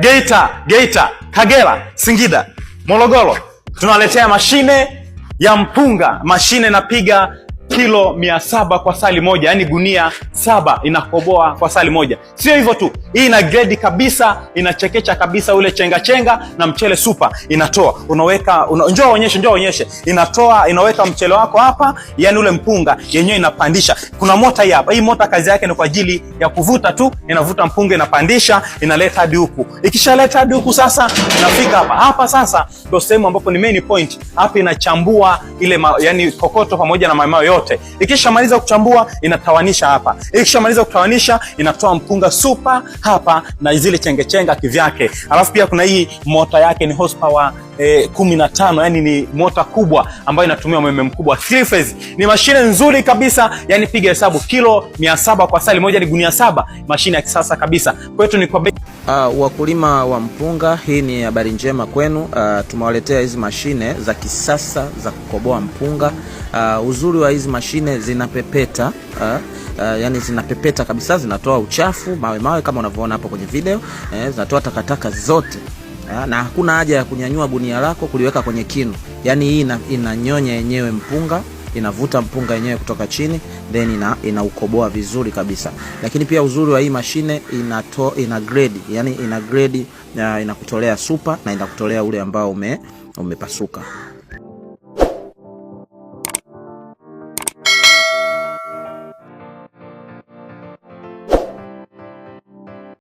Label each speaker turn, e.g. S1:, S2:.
S1: Geita, Geita, Kagera, Singida, Morogoro tunawaletea mashine ya mpunga, mashine inapiga kilo mia saba kwa sali moja, yaani gunia saba inakoboa kwa sali moja. Sio hivyo tu, hii ina gredi kabisa, inachekecha kabisa ule chenga chenga na mchele supa inatoa. Unaweka una, njoo aonyeshe, njoo aonyeshe, inatoa inaweka mchele wako hapa, yani ule mpunga yenyewe inapandisha. Kuna mota hii hapa, hii mota kazi yake ni kwa ajili ya kuvuta tu, inavuta mpunga, inapandisha, inaleta hadi huku. Ikishaleta hadi huku sasa inafika hapa hapa. Sasa ndio sehemu ambapo ni main point hapa, inachambua ile ma, yani kokoto pamoja na mayai yote yote. Ikishamaliza kuchambua inatawanisha hapa, ikishamaliza kutawanisha inatoa mpunga super hapa na zile chengechenga kivyake. Alafu pia kuna hii mota yake ni horsepower E, kumi na tano yani ni mota kubwa ambayo inatumia umeme mkubwa. Three phase ni mashine nzuri kabisa, yani piga hesabu kilo mia saba kwa sali moja ni gunia saba, mashine ya kisasa kabisa kwetu ni kwa bei.
S2: Uh, wakulima wa mpunga, hii ni habari njema kwenu. Uh, tumewaletea hizi mashine za kisasa za kukoboa mpunga. Uh, uzuri wa hizi mashine zinapepeta uh, uh, yani zinapepeta kabisa, zinatoa uchafu mawe mawe kama unavyoona hapo kwenye video eh, zinatoa takataka zote uh, na hakuna haja ya kunyanyua gunia lako kuliweka kwenye kinu, yani hii ina, inanyonya yenyewe mpunga inavuta mpunga yenyewe kutoka chini then ina, inaukoboa vizuri kabisa. Lakini pia uzuri wa hii mashine to, ina grade yani ina grade uh, inakutolea super na inakutolea ule ambao ume, umepasuka.